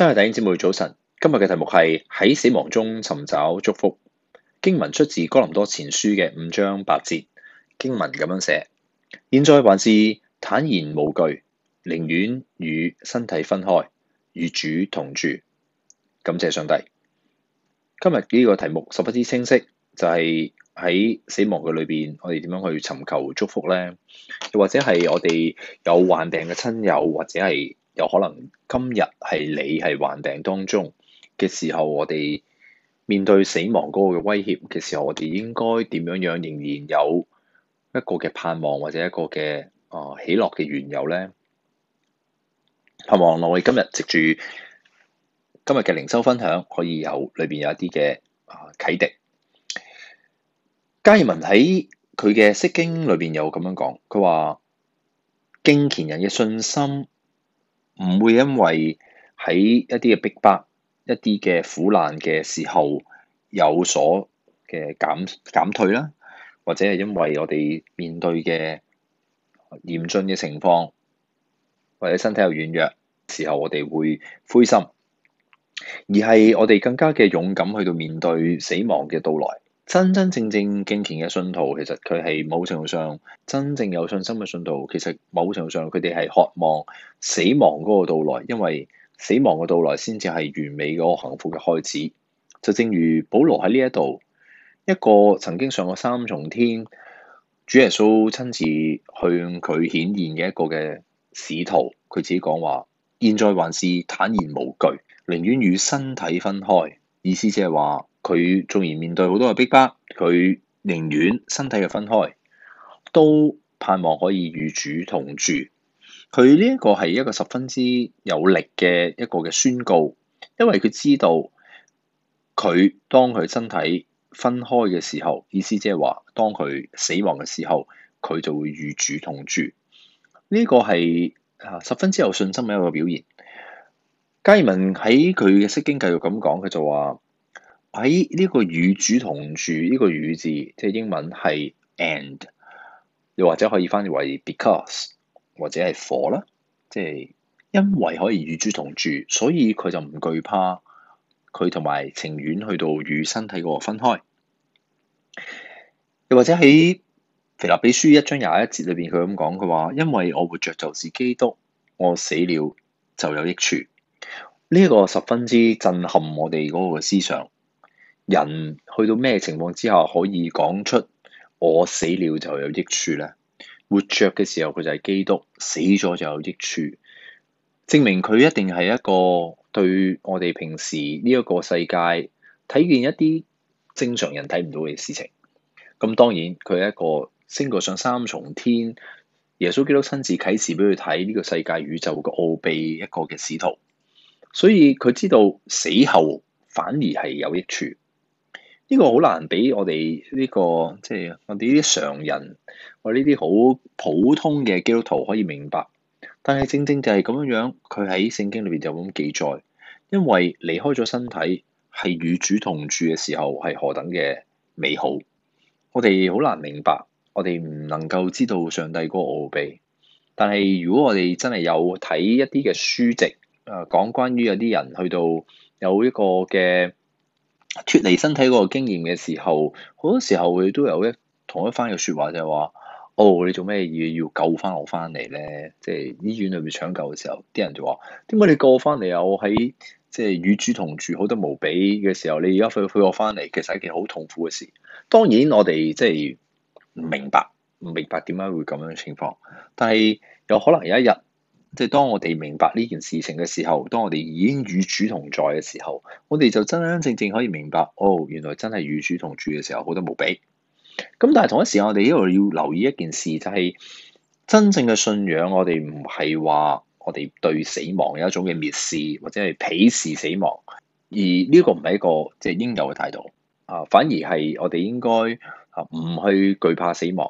真係弟兄姊妹早晨，今日嘅題目係喺死亡中尋找祝福。經文出自哥林多前書嘅五章八節，經文咁樣寫：現在還是坦然無懼，寧願與身體分開，與主同住。感謝上帝。今日呢個題目十分之清晰，就係、是、喺死亡嘅裏邊，我哋點樣去尋求祝福呢？又或者係我哋有患病嘅親友，或者係。有可能今日係你係患病當中嘅時候，我哋面對死亡嗰個嘅威脅嘅時候，我哋應該點樣樣仍然有一個嘅盼望或者一個嘅啊喜樂嘅緣由咧？盼望我哋今日藉住今日嘅靈修分享，可以有裏邊有一啲嘅啟迪。加爾文喺佢嘅釋經裏邊有咁樣講，佢話經前人嘅信心，唔會因為喺一啲嘅逼迫、一啲嘅苦難嘅時候有所嘅減減退啦，或者係因為我哋面對嘅嚴峻嘅情況，或者身體又軟弱時候，我哋會灰心，而係我哋更加嘅勇敢去到面對死亡嘅到來。真真正正敬虔嘅信徒，其實，佢係某程度上真正有信心嘅信徒。其實，某程度上，佢哋係渴望死亡嗰個到來，因為死亡嘅到來先至係完美嗰個幸福嘅開始。就正如保羅喺呢一度，一個曾經上過三重天，主耶穌親自向佢顯現嘅一個嘅使徒，佢自己講話，現在還是坦然無懼，寧願與身體分開，意思即係話。佢縱然面對好多嘅逼迫，佢寧願身體嘅分開，都盼望可以與主同住。佢呢一個係一個十分之有力嘅一個嘅宣告，因為佢知道佢當佢身體分開嘅時候，意思即係話當佢死亡嘅時候，佢就會與主同住。呢、這個係啊十分之有信心嘅一個表現。加爾文喺佢嘅釋經繼續咁講，佢就話。喺呢個與主同住呢個語字，即係英文係 and，又或者可以翻譯為 because 或者係 for 啦，即係因為可以與主同住，所以佢就唔懼怕佢同埋情願去到與身體嗰個分開。又或者喺腓立比書一章廿一節裏邊，佢咁講佢話：因為我活着就是基督，我死了就有益處。呢一個十分之震撼我哋嗰個思想。人去到咩情況之下可以講出我死了就有益處呢？活着嘅時候佢就係基督，死咗就有益處，證明佢一定係一個對我哋平時呢一個世界睇見一啲正常人睇唔到嘅事情。咁當然佢係一個升過上三重天，耶穌基督親自啟示俾佢睇呢個世界宇宙嘅奧秘一個嘅使徒，所以佢知道死後反而係有益處。呢個好難俾我哋呢個，即係我哋呢啲常人，我呢啲好普通嘅基督徒可以明白。但係正正就係咁樣樣，佢喺聖經裏邊就咁記載，因為離開咗身體，係與主同住嘅時候，係何等嘅美好。我哋好難明白，我哋唔能夠知道上帝嗰個奧秘。但係如果我哋真係有睇一啲嘅書籍，誒講關於有啲人去到有一個嘅。脫離身體嗰個經驗嘅時候，好多時候佢都有一同一番嘅說話就係話：哦，你做咩要要救翻我翻嚟咧？即係醫院裏邊搶救嘅時候，啲人就話：點解你救我翻嚟啊？我喺即係與主同住，好得無比嘅時候，你而家去去我翻嚟，其實係一件好痛苦嘅事。當然我哋即係唔明白，唔明白點解會咁樣嘅情況，但係有可能有一日。即係當我哋明白呢件事情嘅時候，當我哋已經與主同在嘅時候，我哋就真真正正可以明白，哦，原來真係與主同住嘅時候好得無比。咁但係同一時間，我哋呢度要留意一件事，就係真正嘅信仰，我哋唔係話我哋對死亡有一種嘅蔑視或者係鄙視死亡，而呢個唔係一個即係應有嘅態度啊，反而係我哋應該啊唔去懼怕死亡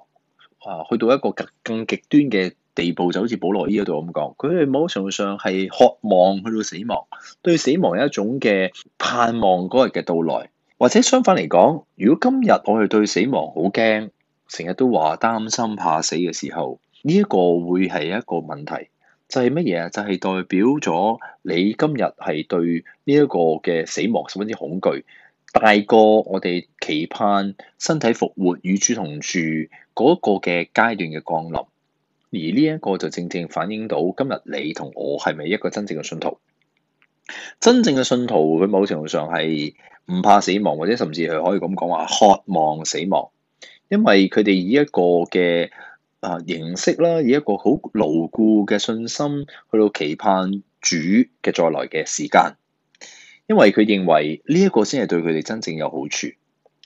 啊，去到一個更，更極端嘅。地步就好似保羅喺嗰度咁講，佢哋某程度上係渴望去到死亡，對死亡有一種嘅盼望嗰日嘅到來，或者相反嚟講，如果今日我哋對死亡好驚，成日都話擔心怕死嘅時候，呢、這、一個會係一個問題，就係乜嘢啊？就係、是、代表咗你今日係對呢一個嘅死亡十分之恐懼，大過我哋期盼身體復活與主同住嗰個嘅階段嘅降臨。而呢一個就正正反映到今日你同我係咪一個真正嘅信徒？真正嘅信徒佢某程度上係唔怕死亡，或者甚至係可以咁講，話渴望死亡，因為佢哋以一個嘅啊形式啦，以一個好牢固嘅信心去到期盼主嘅再來嘅時間，因為佢認為呢一個先係對佢哋真正有好處。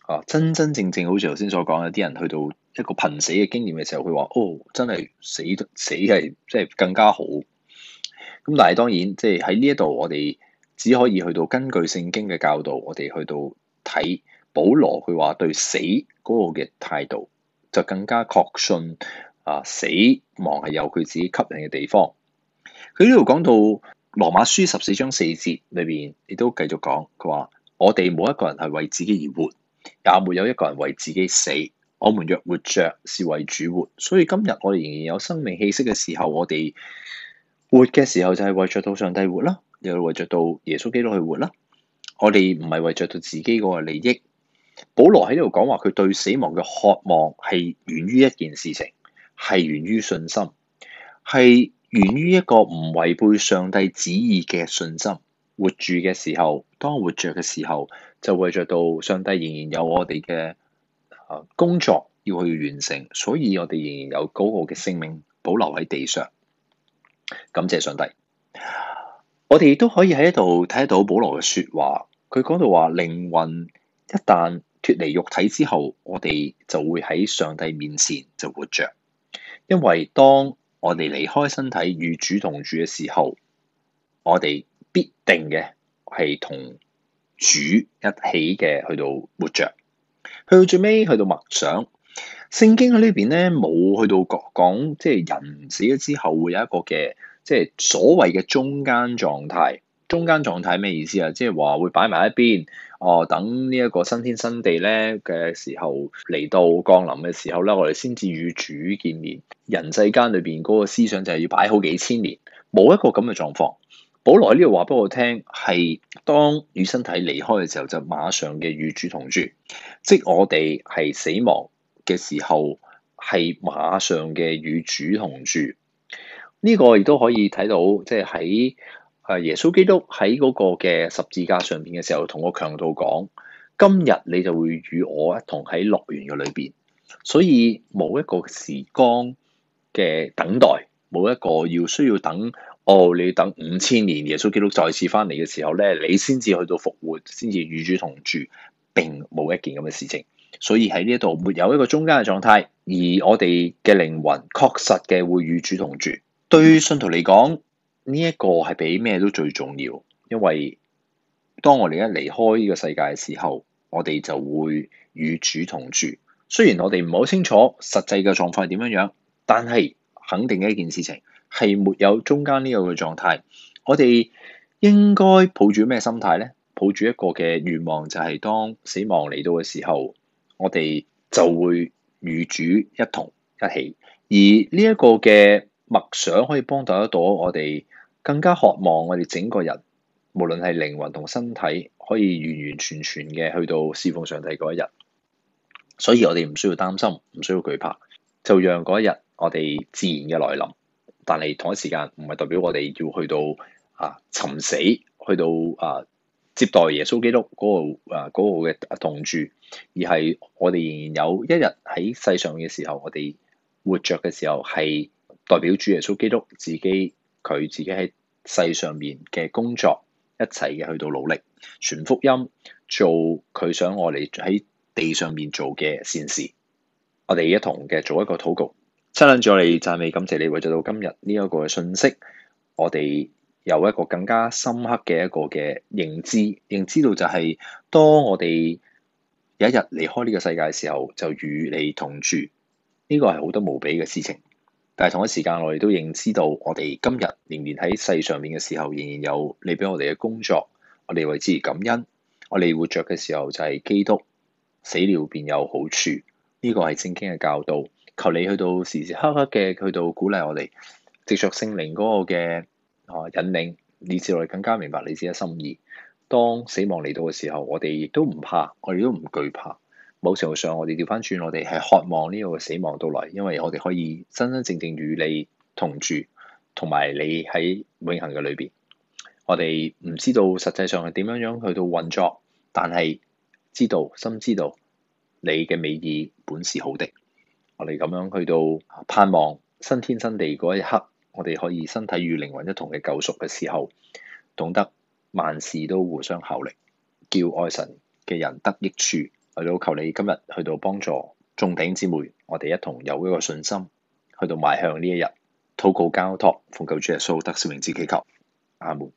啊！真真正正好似頭先所講，有啲人去到一個瀕死嘅經驗嘅時候，佢話：哦，真係死死係即係更加好。咁但係當然，即係喺呢一度，我哋只可以去到根據聖經嘅教導，我哋去到睇保羅佢話對死嗰個嘅態度，就更加確信啊！死亡係有佢自己吸引嘅地方。佢呢度講到《羅馬書》十四章四節裏邊，亦都繼續講佢話：我哋冇一個人係為自己而活。也沒有一個人為自己死。我們若活着，是為主活。所以今日我哋仍然有生命氣息嘅時候，我哋活嘅時候就係為着到上帝活啦，又為着到耶穌基督去活啦。我哋唔係為着到自己個利益。保羅喺呢度講話，佢對死亡嘅渴望係源於一件事情，係源於信心，係源於一個唔違背上帝旨意嘅信心。活住嘅時候，當活着嘅時候。就為着到上帝仍然有我哋嘅工作要去完成，所以我哋仍然有高傲嘅性命保留喺地上。感謝上帝，我哋亦都可以喺度睇到保羅嘅説話。佢講到話靈魂一旦脱離肉體之後，我哋就會喺上帝面前就活着，因為當我哋離開身體與主同住嘅時候，我哋必定嘅係同主一起嘅去到活着，去到最尾去到默想。聖經喺呢邊咧，冇去到講即係人死咗之後會有一個嘅，即係所謂嘅中間狀態。中間狀態咩意思啊？即係話會擺埋一邊，哦，等呢一個新天新地咧嘅時候嚟到降臨嘅時候咧，我哋先至與主見面。人世間裏邊嗰個思想就係要擺好幾千年，冇一個咁嘅狀況。保羅呢度話俾我聽，係當與身體離開嘅時候，就馬上嘅與主同住。即我哋係死亡嘅時候，係馬上嘅與主同住。呢、這個亦都可以睇到，即喺誒耶穌基督喺嗰個嘅十字架上邊嘅時候，同個強盜講：今日你就會與我一同喺樂園嘅裏邊。所以冇一個時光嘅等待，冇一個要需要等。哦，你等五千年，耶穌基督再次翻嚟嘅時候咧，你先至去到復活，先至與主同住，並冇一件咁嘅事情。所以喺呢一度沒有一個中間嘅狀態，而我哋嘅靈魂確實嘅會與主同住。對信徒嚟講，呢一個係比咩都最重要，因為當我哋一離開呢個世界嘅時候，我哋就會與主同住。雖然我哋唔好清楚實際嘅狀況係點樣樣，但係肯定嘅一件事情。係沒有中間呢個嘅狀態，我哋應該抱住咩心態呢？抱住一個嘅願望，就係當死亡嚟到嘅時候，我哋就會與主一同一起。而呢一個嘅默想可以幫到一啲我哋更加渴望我哋整個人，無論係靈魂同身體，可以完完全全嘅去到侍奉上帝嗰一日。所以我哋唔需要擔心，唔需要懼怕，就讓嗰一日我哋自然嘅來臨。但係同一時間唔係代表我哋要去到啊尋死，去到啊接待耶穌基督嗰個啊嗰個嘅同住，而係我哋仍然有一日喺世上嘅時候，我哋活着嘅時候，係代表主耶穌基督自己，佢自己喺世上面嘅工作，一齊嘅去到努力傳福音，做佢想我哋喺地上面做嘅善事，我哋一同嘅做一個禱告。親捻住我哋讚美，感謝你為咗到今日呢一個嘅信息，我哋有一個更加深刻嘅一個嘅認知，認知到就係、是、當我哋有一日離開呢個世界嘅時候，就與你同住，呢個係好多無比嘅事情。但係同一時間，我哋都認知到我，我哋今日仍然喺世上面嘅時候，仍然有你俾我哋嘅工作，我哋為之感恩。我哋活着嘅時候就係基督，死了便有好處。呢個係正經嘅教導。求你去到時時刻刻嘅去到鼓勵我哋，藉著聖靈嗰個嘅引領，以至我哋更加明白你自己嘅心意。當死亡嚟到嘅時候，我哋亦都唔怕，我哋都唔懼怕。某程度上我，我哋調翻轉，我哋係渴望呢個死亡到來，因為我哋可以真真正正與你同住，同埋你喺永恆嘅裏邊。我哋唔知道實際上係點樣樣去到運作，但係知道深知道你嘅美意本是好的。我哋咁樣去到盼望新天新地嗰一刻，我哋可以身體與靈魂一同嘅救贖嘅時候，懂得萬事都互相效力，叫愛神嘅人得益處。為咗求你今日去到幫助眾弟兄姊妹，我哋一同有呢個信心，去到邁向呢一日，禱告交託，奉救主耶穌得勝名字祈求，阿門。